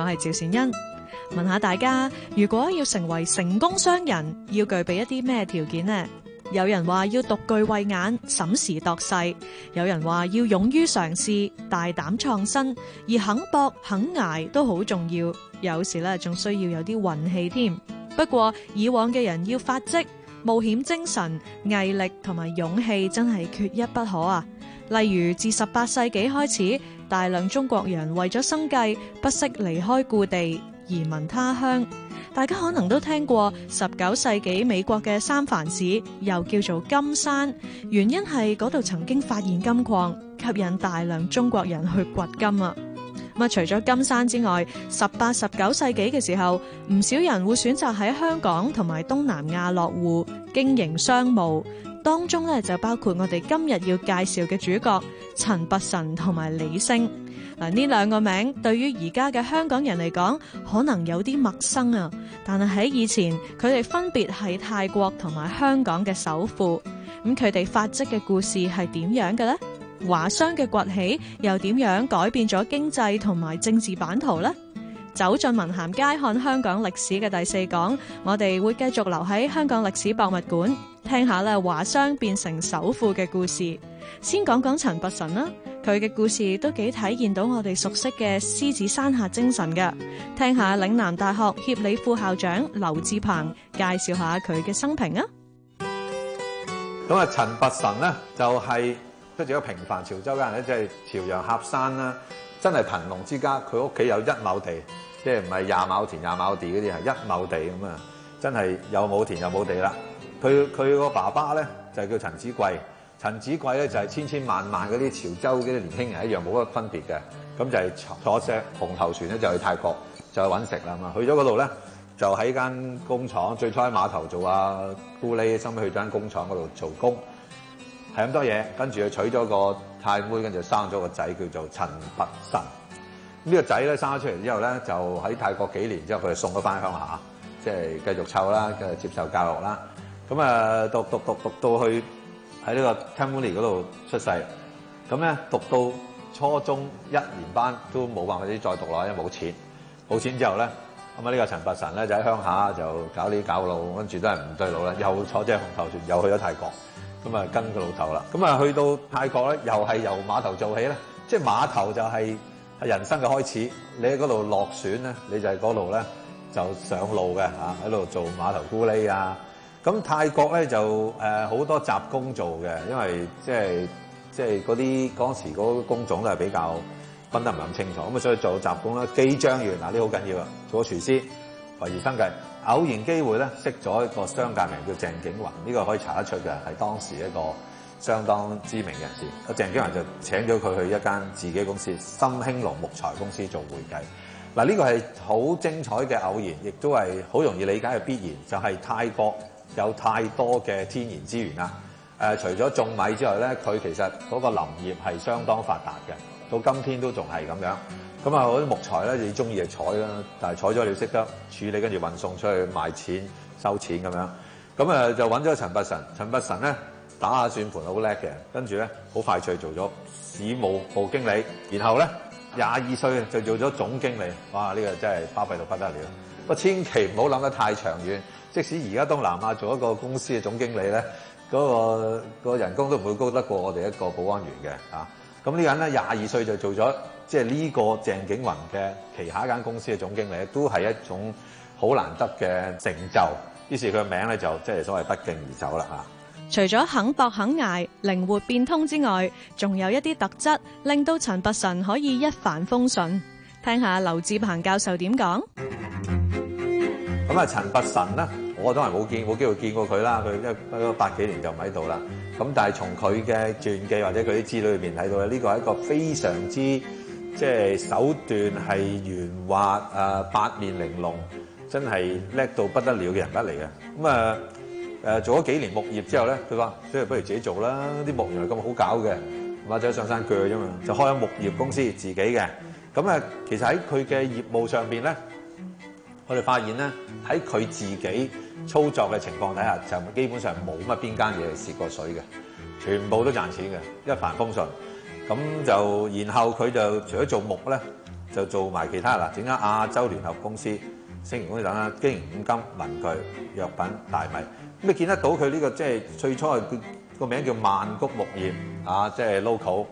我係趙善恩，問下大家，如果要成為成功商人，要具備一啲咩條件呢？有人話要獨具慧眼、審時度勢；有人話要勇於嘗試、大膽創新，而肯搏、肯挨都好重要。有時咧，仲需要有啲運氣添。不過以往嘅人要發跡，冒險精神、毅力同埋勇氣真係缺一不可啊！例如，自十八世紀開始，大量中國人為咗生計，不惜離開故地，移民他鄉。大家可能都聽過十九世紀美國嘅三藩市，又叫做金山，原因係嗰度曾經發現金礦，吸引大量中國人去掘金啊。咁啊，除咗金山之外，十八、十九世紀嘅時候，唔少人會選擇喺香港同埋東南亞落戶經營商務。當中咧就包括我哋今日要介紹嘅主角陳百神同埋李星嗱，呢兩個名對於而家嘅香港人嚟講可能有啲陌生啊，但係喺以前佢哋分別係泰國同埋香港嘅首富，咁佢哋發跡嘅故事係點樣嘅呢？華商嘅崛起又點樣改變咗經濟同埋政治版圖呢？走進文咸街看香港歷史嘅第四講，我哋會繼續留喺香港歷史博物館。聽下咧，華商變成首富嘅故事。先講講陳弼臣啦，佢嘅故事都幾體現到我哋熟悉嘅獅子山下精神嘅。聽下嶺南大學協理副校長劉智鵬介紹下佢嘅生平啊。咁啊、就是，陳弼臣咧就係出自一個平凡潮州嘅人咧，即係潮陽峽山啦，真係貧農之家。佢屋企有一畝地，即係唔係廿畝田廿畝地嗰啲，係一畝地咁啊，真係有冇田又冇地啦。佢佢個爸爸咧就係叫陳子貴，陳子貴咧就係、是、千千萬萬嗰啲潮州嗰啲年輕人一樣冇乜分別嘅，咁就係坐隻紅頭船咧就去泰國，就去搵食啦嘛。去咗嗰度咧就喺間工廠，最初喺碼頭做阿咕喱，後尾去咗間工廠嗰度做工，係咁多嘢。跟住佢娶咗個泰妹，跟住就生咗個仔叫做陳弼臣。那個、呢個仔咧生咗出嚟之後咧，就喺泰國幾年之後，佢就送咗翻鄉下，即、就、係、是、繼續湊啦，繼續接受教育啦。咁啊，讀讀讀讀到去喺呢個 c a m b o n 嗰度出世，咁咧讀到初中一年班都冇辦法，啲再讀落因冇錢冇錢之後咧，咁啊呢個陳伯神咧就喺鄉下就搞啲搞路，跟住都係唔對路啦，又坐隻紅頭船，又去咗泰國，咁啊跟佢老頭啦，咁啊去到泰國咧，又係由碼頭做起咧，即係碼頭就係人生嘅開始。你喺嗰度落選，咧，你就係嗰度咧就上路嘅喺度做碼頭姑 l 啊。咁泰國咧就誒好、呃、多雜工做嘅，因為即係即係嗰啲嗰時嗰工種都係比較分得唔咁清楚，咁啊所以做雜工啦，記賬員嗱呢好緊要啊，做個廚師維持生計，偶然機會咧識咗一個商界名叫鄭景雲，呢、這個可以查得出嘅，係當時一個相當知名人士。阿鄭景雲就請咗佢去一間自己公司深興隆木材公司做會計。嗱、這、呢個係好精彩嘅偶然，亦都係好容易理解嘅必然，就係、是、泰國。有太多嘅天然資源啦、呃，除咗種米之外咧，佢其實嗰個林業係相當發達嘅，到今天都仲係咁樣。咁、嗯、啊，嗰啲木材咧，你中意就採啦，但係採咗你要識得處理，跟住運送出去賣錢收錢咁樣。咁、嗯、啊、呃，就揾咗陳弼臣，陳弼臣咧打下算盤好叻嘅，跟住咧好快脆做咗事務部經理，然後咧廿二歲就做咗總經理，哇！呢、呢個真係巴閉到不得了。我千祈唔好諗得太長遠。即使而家東南亞做一個公司嘅總經理咧，嗰、嗰個人工都唔會高得過我哋一個保安員嘅啊。咁呢個人咧，廿二歲就做咗即係呢個鄭景雲嘅旗下一間公司嘅總經理，都係一種好難得嘅成就。於是佢名咧就即係所謂不脛而走啦嚇。除咗肯搏肯捱、靈活變通之外，仲有一啲特質令到陳伯臣可以一帆風順。聽下劉志鵬教授點講。嗯咁啊，陳弼臣咧，我當然冇見冇機會見過佢啦，佢一因為八幾年就唔喺度啦。咁但係從佢嘅傳記或者佢啲資料裏邊睇到咧，呢個係一個非常之即係手段係圓滑誒，八面玲瓏，真係叻到不得了嘅人物嚟嘅。咁啊誒做咗幾年木業之後咧，佢話：，所以不如自己做啦，啲木原來咁好搞嘅，或者上山鋸啫嘛，就開咗木業公司自己嘅。咁啊，其實喺佢嘅業務上邊咧。我哋發現咧，喺佢自己操作嘅情況底下，就基本上冇乜邊間嘢蝕過水嘅，全部都賺錢嘅，一帆風順。咁就然後佢就除咗做木咧，就做埋其他啦。整間亞洲聯合公司、星匯公司等等，經營五金、文具、藥品、大米，咁你見得到佢呢、這個即係、就是、最初個名叫，叫曼谷木業，啊，即、就、係、是、local。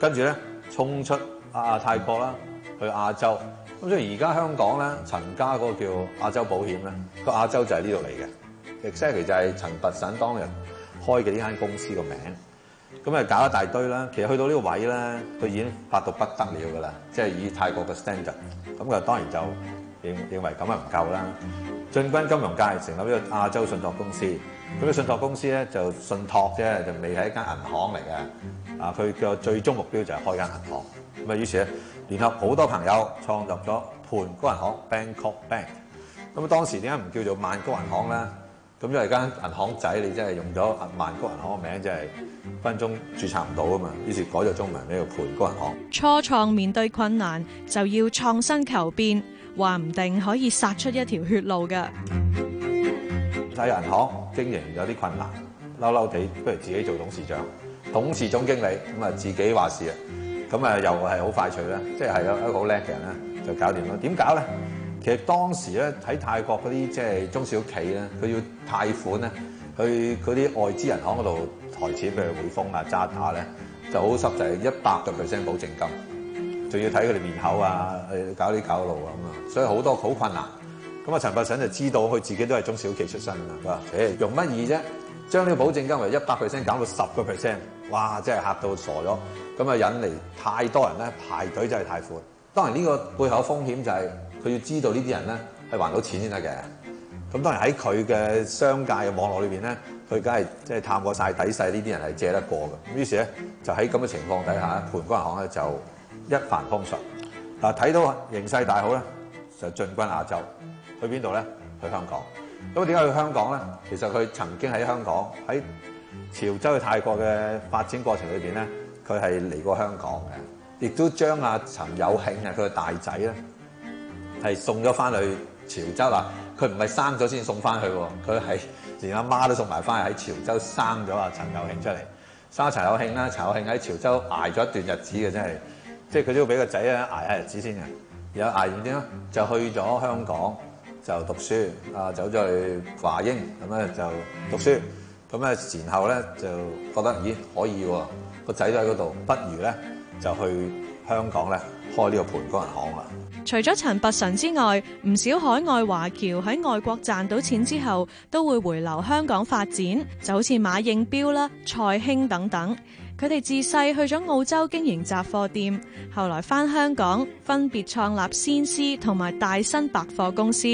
跟住咧，衝出啊泰國啦。去亞洲，咁所以而家香港咧，陳家嗰個叫亞洲保險咧，個亞洲就係呢度嚟嘅。Exactly，就係陳弼臣當日開嘅呢間公司個名，咁啊搞一大堆啦。其實去到呢個位咧，佢已經發到不得了噶啦，即係以泰國嘅 standard，咁佢當然就。認認為咁啊唔夠啦！進軍金融界，成立一個亞洲信託公司。咁個信託公司咧就信託啫，就未係一間銀行嚟嘅。啊，佢嘅最終目標就係開間銀行。咁啊，於是咧聯合好多朋友創立咗盤谷銀行 b a n k o k Bank）。咁啊，當時點解唔叫做萬谷銀行咧？咁因為間銀行仔你真係用咗萬谷銀行嘅名，真係分分鐘註冊唔到啊嘛。於是改咗中文名叫盤谷銀行。初創面對困難就要創新求變。話唔定可以殺出一條血路㗎！喺銀行經營有啲困難，嬲嬲哋，不如自己做董事長、董事總經理，咁啊自己話事啊，咁啊又係好快脆啦，即係係一個好叻嘅人啦，就搞掂啦。點搞咧？其實當時咧喺泰國嗰啲即係中小企咧，佢要貸款咧，去嗰啲外資銀行嗰度抬錢，譬如匯豐啊、渣打咧，就好濕仔，一百個 percent 保證金。仲要睇佢哋面口啊，搞啲搞路啊咁啊，所以好多好困難。咁啊，陳弼臣就知道佢自己都係中小企出身啊。佢話：誒、欸、用乜嘢啫？將呢個保證金由一百 percent 減到十個 percent，哇！真係嚇到傻咗。咁啊，引嚟太多人咧，排隊真係太闊。當然呢個背後嘅風險就係佢要知道呢啲人咧係還到錢先得嘅。咁當然喺佢嘅商界嘅網絡裏面咧，佢梗係即係探過晒底細，呢啲人係借得過㗎。咁於是咧就喺咁嘅情況底下，盤谷行咧就。一帆風順嗱，睇到形勢大好咧，就進軍亞洲。去邊度咧？去香港。咁點解去香港咧？其實佢曾經喺香港喺潮州去泰國嘅發展過程裏邊咧，佢係嚟過香港嘅，亦都將阿陳有慶啊，佢大仔咧，係送咗翻去潮州啦。佢唔係生咗先送翻去喎，佢係連阿媽都送埋翻去喺潮州生咗阿陳有慶出嚟。生咗陳有慶啦，陳有慶喺潮州捱咗一段日子嘅，真係。即係佢都要俾個仔啊捱下日子先嘅，有後捱完之後就去咗香港就讀書啊，走咗去華英咁咧就讀書，咁咧、嗯、然後咧就覺得咦可以喎，個仔都喺嗰度，不如咧就去香港咧開呢個盤谷銀行啦。除咗陳弼臣之外，唔少海外華僑喺外國賺到錢之後，都會回流香港發展，就好似馬應彪啦、蔡興等等。佢哋自細去咗澳洲經營雜貨店，後來翻香港，分別創立先施同埋大新百貨公司。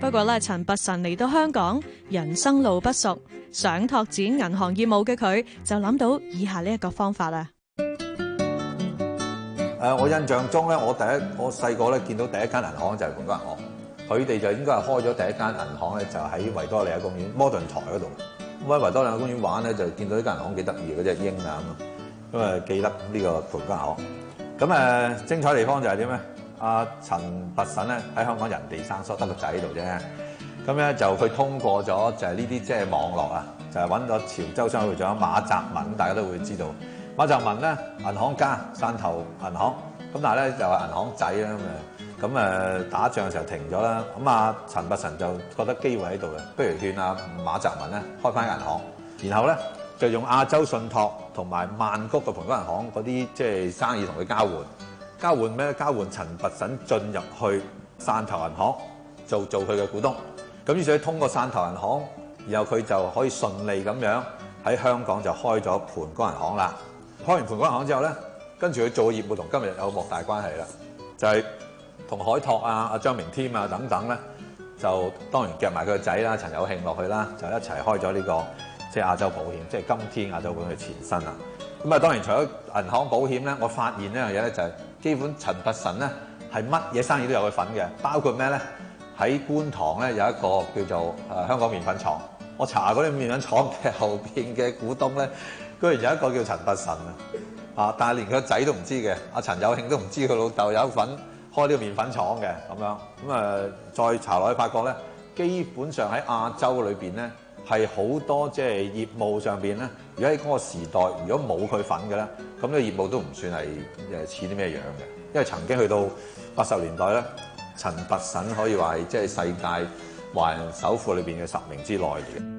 不過咧，陳拔臣嚟到香港，人生路不熟，想拓展銀行業務嘅佢就諗到以下呢一個方法啦。誒，我印象中咧，我第一我細個咧見到第一間銀行就係匯豐行，佢哋就應該係開咗第一間銀行咧，就喺維多利亞公園摩頓台嗰度。威維多利亞公園玩咧，就見到呢間銀行幾得意，嗰隻鷹啊咁啊，嗯嗯、記得呢個盤家行。咁誒精彩地方就係點咧？阿陳弼臣咧喺香港人地生疏，得個仔喺度啫。咁咧就佢通過咗就係呢啲即係網絡啊，就係搵咗潮州商會長馬澤文，大家都會知道馬澤文咧銀行家，汕頭銀行咁，但係咧就係銀行仔咁啊。咁誒打仗嘅時候停咗啦，咁啊陳弼臣就覺得機會喺度嘅，不如勸阿馬澤文咧開返銀行，然後咧就用亞洲信託同埋曼谷嘅盤谷銀行嗰啲即係生意同佢交換，交換咩？交換陳弼臣進入去汕頭銀行做做佢嘅股東，咁於是咧通過汕頭銀行，然後佢就可以順利咁樣喺香港就開咗盤谷銀行啦。開完盤谷銀行之後咧，跟住佢做業務同今日有莫大關係啦，就係、是。同海拓啊、阿張明添啊等等咧，就當然夾埋佢個仔啦、陳有慶落去啦，就一齊開咗呢、這個即係、就是、亞洲保險，即、就、係、是、今天亞洲保險前身啦。咁啊，當然除咗銀行保險咧，我發現一樣嘢咧，就係、是、基本陳伯神咧係乜嘢生意都有佢份嘅，包括咩咧？喺觀塘咧有一個叫做、啊、香港麵粉廠，我查嗰啲麵粉廠嘅後邊嘅股東咧，居然有一個叫陳弼臣啊！啊，但係連佢個仔都唔知嘅，阿、啊、陳有慶都唔知佢老豆有份。開呢個麵粉廠嘅咁樣，咁啊、呃，再查落去發覺咧，基本上喺亞洲裏邊咧係好多即係業務上邊咧，如果喺嗰個時代如果冇佢份嘅咧，咁呢業務都唔算係誒似啲咩樣嘅，因為曾經去到八十年代咧，陳弼臣可以話係即係世界華人首富裏邊嘅十名之內嘅。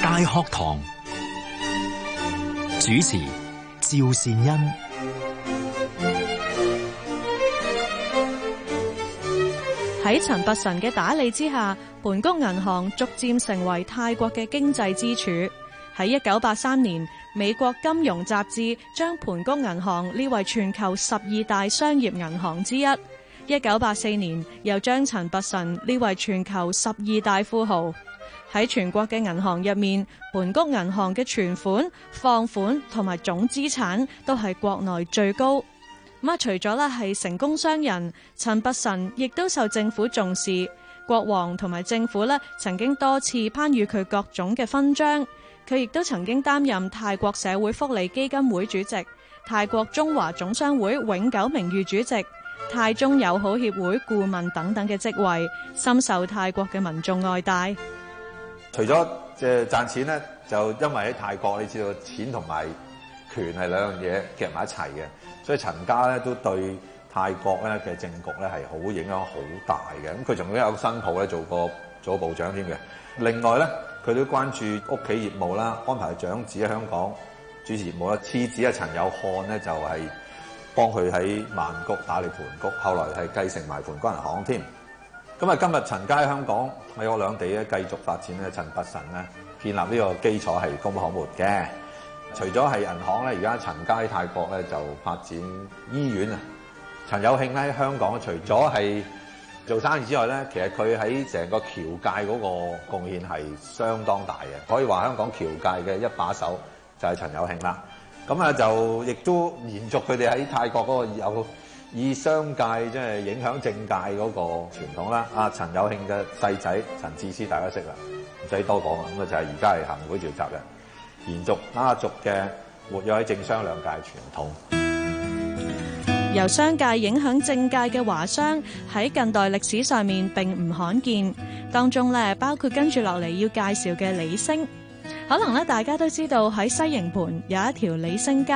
大學堂主持。趙善恩喺陳弼臣嘅打理之下，盤谷銀行逐漸成為泰國嘅經濟支柱。喺一九八三年，美國金融雜誌將盤谷銀行列為全球十二大商業銀行之一；一九八四年，又將陳弼臣列為全球十二大富豪。喺全國嘅銀行入面，盤谷銀行嘅存款、放款同埋總資產都係國內最高。咁啊，除咗咧係成功商人，陳弼臣，亦都受政府重視。國王同埋政府咧曾經多次頒予佢各種嘅勳章。佢亦都曾經擔任泰國社會福利基金會主席、泰國中華總商會永久名譽主席、泰中友好協會顧問等等嘅職位，深受泰國嘅民眾愛戴。除咗即係賺錢咧，就因為喺泰國，你知道錢同埋權係兩樣嘢夾埋一齊嘅，所以陳家咧都對泰國咧嘅政局咧係好影響好大嘅。咁佢仲都有個新抱咧，做個做過部長添嘅。另外咧，佢都關注屋企業務啦，安排長子喺香港主持業務啦。次子啊，陳有漢咧就係幫佢喺曼谷打理盤谷，後來係繼承埋盤谷銀行添。咁啊！今日陳家喺香港、美國兩地咧繼續發展咧，陳弼臣咧建立呢個基礎係功不可沒嘅。除咗係銀行咧，而家陳家喺泰國咧就發展醫院啊。陳有慶咧喺香港除咗係做生意之外咧，其實佢喺成個僑界嗰個貢獻係相當大嘅，可以話香港僑界嘅一把手就係陳有慶啦。咁啊就亦都延續佢哋喺泰國嗰個有。以商界即係影響政界嗰個傳統啦。阿、啊、陳有慶嘅細仔陳智思大家識啦，唔使多講啦。咁啊，就係而家係行會召集人，延續家族嘅活躍喺政商兩界傳統。由商界影響政界嘅華商喺近代歷史上面並唔罕見，當中咧包括跟住落嚟要介紹嘅李星，可能咧大家都知道喺西營盤有一條李星街，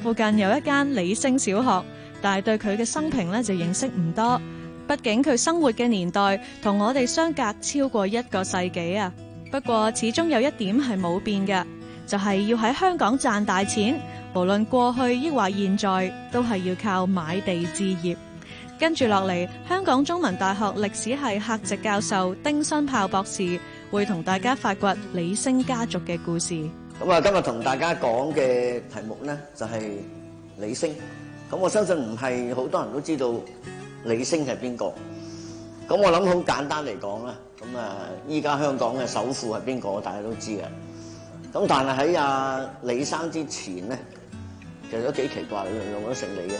附近有一間李星小學。但係對佢嘅生平咧就認識唔多，畢竟佢生活嘅年代同我哋相隔超過一個世紀啊。不過始終有一點係冇變嘅，就係、是、要喺香港賺大錢，無論過去抑或現在都係要靠買地置業。跟住落嚟，香港中文大學歷史系客席教授丁新豹博士會同大家發掘李星家族嘅故事。咁啊，今日同大家講嘅題目呢，就係「李星」。咁我相信唔係好多人都知道李升係邊個？咁我諗好簡單嚟講啦，咁啊依家香港嘅首富係邊個？大家都知嘅。咁但係喺呀，李生之前咧，其實都幾奇怪用咗都姓李嘅。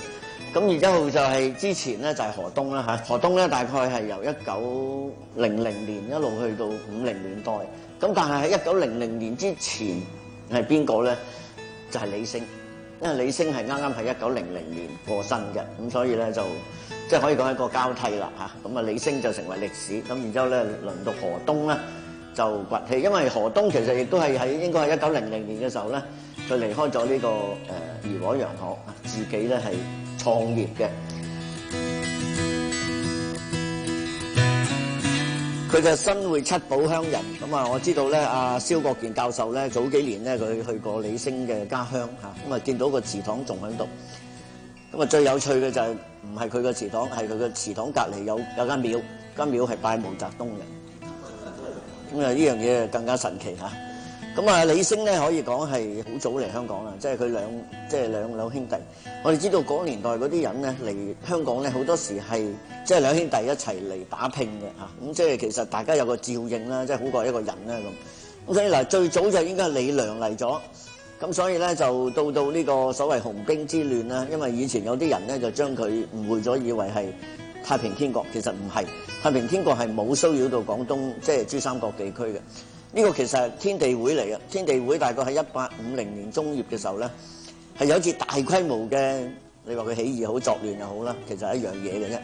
咁而之後就係之前咧就係河東啦，河東咧大概係由一九零零年一路去到五零年代。咁但係喺一九零零年之前係邊個咧？就係、是、李升。因為李陞係啱啱喺一九零零年過身嘅，咁所以咧就即係、就是、可以講係一個交替啦嚇，咁啊李陞就成為歷史，咁然之後咧輪到何東啦，就崛起，因為何東其實亦都係喺應該係一九零零年嘅時候咧，就離開咗呢、這個誒怡和洋行，自己咧係創業嘅。佢嘅新會七寶鄉人。咁啊，我知道咧，阿蕭國健教授咧，早幾年咧，佢去過李星嘅家鄉嚇，咁啊見到個祠堂仲喺度，咁啊最有趣嘅就係唔係佢個祠堂，係佢個祠堂隔離有有間廟，間廟係拜毛澤東嘅，咁啊呢樣嘢更加神奇嚇。啊咁啊，李陞咧可以講係好早嚟香港啦，即係佢兩即係兩兩兄弟。我哋知道嗰年代嗰啲人咧嚟香港咧，好多時係即係兩兄弟一齊嚟打拼嘅嚇。咁即係其實大家有個照應啦，即係好過一個人啦咁。咁所以嗱，最早就應該係李良嚟咗。咁所以咧就到到呢個所謂紅兵之亂啦，因為以前有啲人咧就將佢誤會咗，以為係太平天國，其實唔係。太平天國係冇騷擾到廣東即係珠三角地區嘅。呢個其實係天地會嚟嘅。天地會大概喺一八五零年中葉嘅時候咧，係有次大規模嘅，你話佢起義又好，作亂又好啦，其實係一樣嘢嘅啫。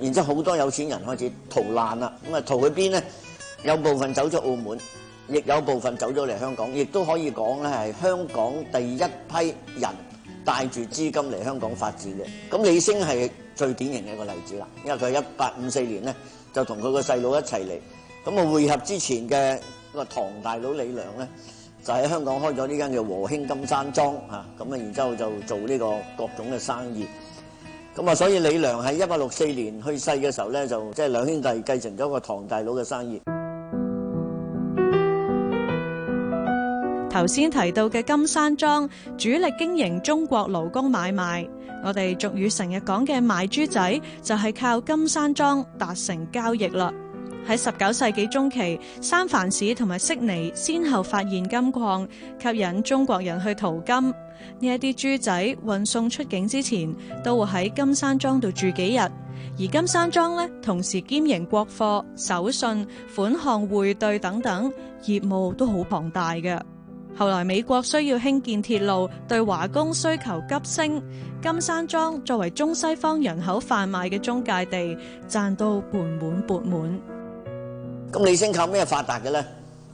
然之後好多有錢人開始逃難啦，咁啊逃去邊咧？有部分走咗澳門，亦有部分走咗嚟香港，亦都可以講咧係香港第一批人帶住資金嚟香港發展嘅。咁李星係最典型嘅一個例子啦，因為佢喺一八五四年咧就同佢個細佬一齊嚟，咁啊會合之前嘅。個唐大佬李良咧，就喺香港開咗呢間叫和興金山莊啊！咁啊，然之後就做呢個各種嘅生意。咁啊，所以李良喺一八六四年去世嘅時候咧，就即係兩兄弟繼承咗個唐大佬嘅生意。頭先提到嘅金山莊主力經營中國勞工買賣，我哋俗語成日講嘅買豬仔就係靠金山莊達成交易啦。喺十九世紀中期，三藩市同埋悉尼先後發現金礦，吸引中國人去淘金。呢一啲豬仔運送出境之前，都會喺金山莊度住幾日。而金山莊呢，同時兼營國貨、手信、款項匯兌等等業務，都好龐大嘅。後來美國需要興建鐵路，對華工需求急升，金山莊作為中西方人口販賣嘅中介地，賺到盆滿缽滿。咁李昇靠咩發達嘅咧？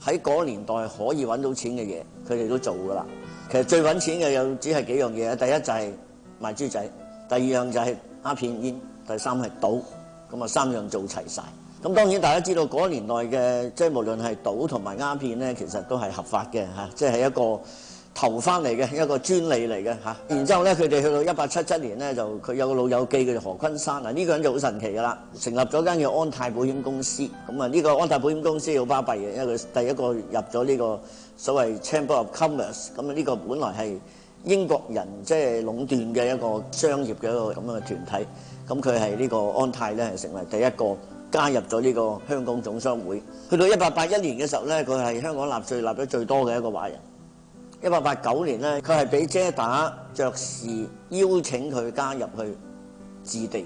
喺嗰年代可以揾到錢嘅嘢，佢哋都做噶啦。其實最揾錢嘅有只係幾樣嘢，第一就係賣豬仔，第二樣就係鴉片煙，第三係賭。咁啊三樣做齊晒。咁當然大家知道嗰年代嘅，即係無論係賭同埋鴉片咧，其實都係合法嘅嚇，即係一個。投翻嚟嘅一個專利嚟嘅的，然之後呢，佢哋去到一八七七年呢，就佢有個老友記叫做何坤山啊，呢、呢個人就好神奇㗎啦，成立咗間叫安泰保險公司，咁啊呢個安泰保險公司好巴閉嘅，因為佢第一個入咗呢個所謂 Chamber of Commerce，咁啊呢個本來係英國人即係壟斷嘅一個商業嘅一個咁樣嘅團體，咁佢係呢個安泰呢，係成為第一個加入咗呢個香港總商會，去到一八八一年嘅時候呢，佢係香港納稅納得最多嘅一個華人。一八八九年咧，佢係俾遮打爵士邀請佢加入去置地，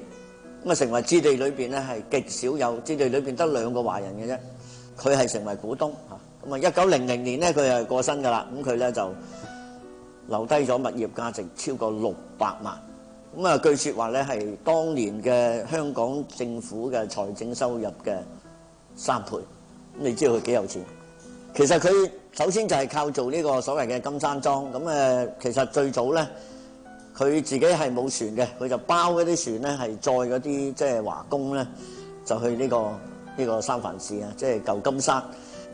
咁啊成為置地裏邊咧係極少有，置地裏邊得兩個華人嘅啫。佢係成為股東，咁啊一九零零年咧佢啊過身噶啦，咁佢咧就留低咗物業價值超過六百萬，咁啊據說話咧係當年嘅香港政府嘅財政收入嘅三倍，咁你知佢幾有錢？其實佢首先就係靠做呢個所謂嘅金山莊咁誒，其實最早咧，佢自己係冇船嘅，佢就包嗰啲船咧係載嗰啲即係華工咧，就去呢個呢個三藩市啊，即係舊金山。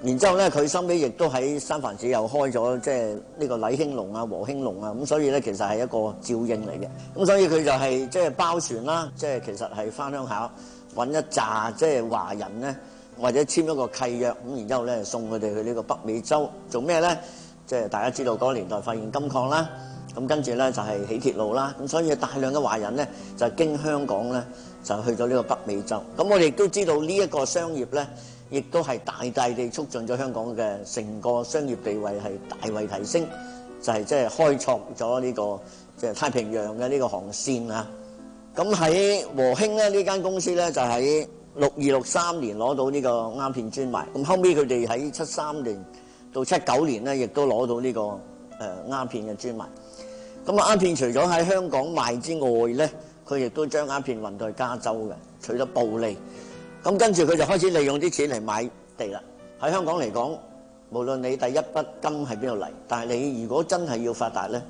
然之後咧，佢心尾亦都喺三藩市又開咗即係呢個禮興隆啊、和興隆啊，咁所以咧其實係一個照應嚟嘅。咁所以佢就係即係包船啦，即係其實係翻鄉下揾一紮即係華人咧。或者簽一個契約，咁然之後咧送佢哋去呢個北美洲做咩咧？即係大家知道嗰個年代發現金礦啦，咁跟住咧就係起鐵路啦，咁所以大量嘅華人咧就經香港咧就去咗呢個北美洲。咁我哋都知道呢一個商業咧，亦都係大大地促進咗香港嘅成個商業地位係大為提升，就係即係開創咗呢個即係太平洋嘅呢個航線啊。咁喺和興咧呢間公司咧就喺。六二六三年攞到呢個鴉片專賣，咁後尾佢哋喺七三年到七九年咧，亦都攞到呢個誒鴉片嘅專賣。咁啊鴉片除咗喺香港賣之外咧，佢亦都將鴉片運到加州嘅，取得暴利。咁跟住佢就開始利用啲錢嚟買地啦。喺香港嚟講，無論你第一筆金喺邊度嚟，但係你如果真係要發達咧，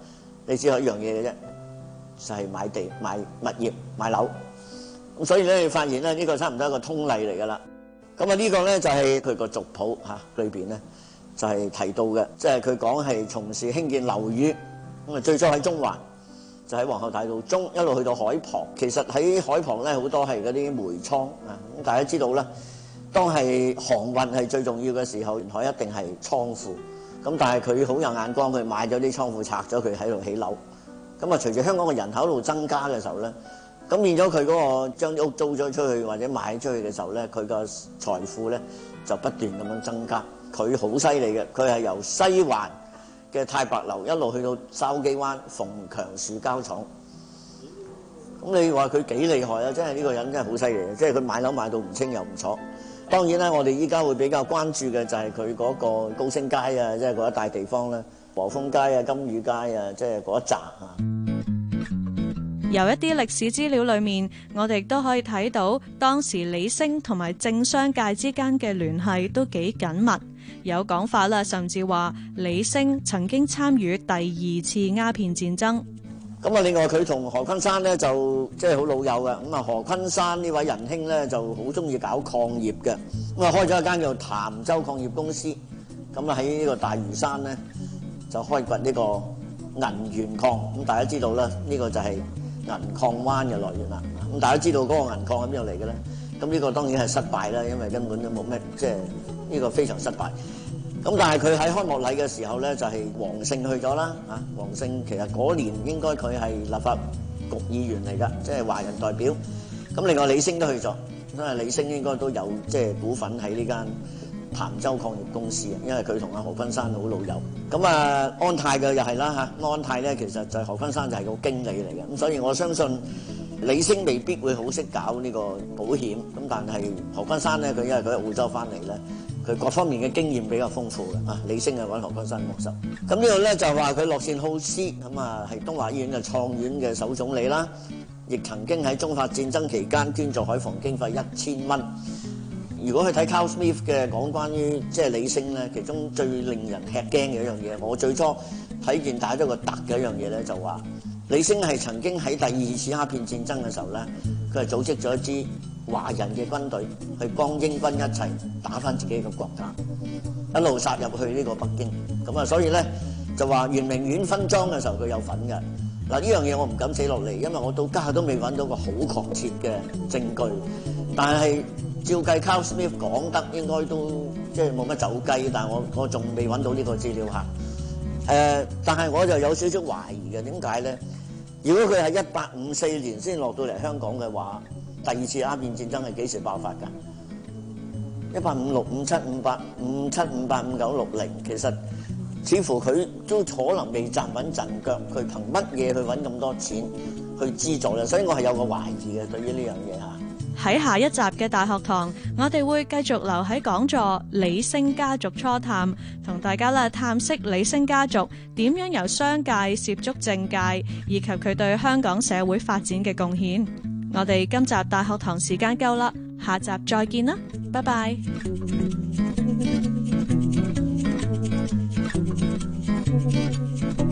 你只有一樣嘢嘅啫，就係買地、買物業、買樓。咁所以咧，你發現咧，呢個差唔多一個通例嚟㗎喇。咁啊，呢個咧就係佢個族譜吓裏邊咧，就係提到嘅，即係佢講係從事興建樓宇。咁啊，最初喺中環，就喺皇后大道中一路去到海旁。其實喺海旁咧，好多係嗰啲煤倉啊。咁大家知道呢，當係航運係最重要嘅時候，沿海一定係倉庫。咁但係佢好有眼光，佢買咗啲倉庫，拆咗佢喺度起樓。咁啊，隨住香港嘅人口度增加嘅時候咧。咁變咗佢嗰個將啲屋租咗出去或者賣出去嘅時候咧，佢個財富咧就不斷咁樣增加。佢好犀利嘅，佢係由西環嘅太白樓一路去到筲箕灣馮強樹膠廠。咁你話佢幾厲害啊？真係呢個人真係好犀利嘅，即係佢買樓買到唔清又唔錯。當然啦，我哋依家會比較關注嘅就係佢嗰個高升街啊，即係嗰一帶地方咧，和風街啊、金魚街啊，即係嗰一紮啊。由一啲歷史資料裏面，我哋都可以睇到當時李星同埋政商界之間嘅聯繫都幾緊密，有講法啦，甚至話李星曾經參與第二次鴉片戰爭。咁啊，另外佢同何坤山咧就即係好老友嘅。咁啊，何坤山這位人，呢位仁兄咧就好中意搞礦業嘅，咁啊開咗一間叫潭州礦業公司。咁啊喺呢個大嶼山咧就開掘呢個銀元礦。咁大家知道啦，呢、這個就係、是。銀礦灣嘅來源啦，咁大家知道嗰個銀礦喺邊度嚟嘅咧？咁呢個當然係失敗啦，因為根本都冇咩，即係呢個非常失敗。咁但係佢喺開幕禮嘅時候咧，就係黃勝去咗啦。啊，黃勝其實嗰年應該佢係立法局議員嚟噶，即係華人代表。咁另外李升都去咗，因為李升應該都有即係股份喺呢間。潭州礦業公司啊，因為佢同阿何昆山好老友，咁啊安泰嘅又係啦嚇，安泰咧其實就係、是、何昆山就係個經理嚟嘅。咁所以我相信李升未必會好識搞呢個保險，咁但係何昆山咧佢因為佢喺澳洲翻嚟咧，佢各方面嘅經驗比較豐富嘅啊，李升係搵何昆山幫手，咁呢度咧就話佢樂善好施咁啊係東華醫院嘅創院嘅首總理啦，亦曾經喺中法戰爭期間捐助海防經費一千蚊。如果去睇 Carl Smith 嘅講關於即係李星咧，其中最令人吃驚嘅一樣嘢，我最初睇見帶咗個特嘅一樣嘢咧，就話李星係曾經喺第二次鴉片戰爭嘅時候咧，佢係組織咗一支華人嘅軍隊去幫英軍一齊打翻自己嘅國家，一路殺入去呢個北京。咁啊，所以咧就話圓明園分贓嘅時候佢有份嘅。嗱，呢樣嘢我唔敢寫落嚟，因為我到家下都未揾到個好確切嘅證據，但係。照計 Carl Smith 講得應該都即係冇乜走雞，但係我我仲未揾到呢個資料吓誒、呃，但係我就有少少懷疑嘅，點解咧？如果佢係一八五四年先落到嚟香港嘅話，第二次鴉片戰爭係幾時爆發的？㗎？一八五六、五七、五八五七、五八五九、六零，其實似乎佢都可能未站穩陣腳，佢憑乜嘢去揾咁多錢去資助咧？所以我係有個懷疑嘅對於呢樣嘢吓。喺下一集嘅大學堂，我哋會繼續留喺講座李昇家族初探，同大家啦探悉李昇家族點樣由商界涉足政界，以及佢對香港社會發展嘅貢獻。我哋今集大學堂時間夠啦，下集再見啦，拜拜。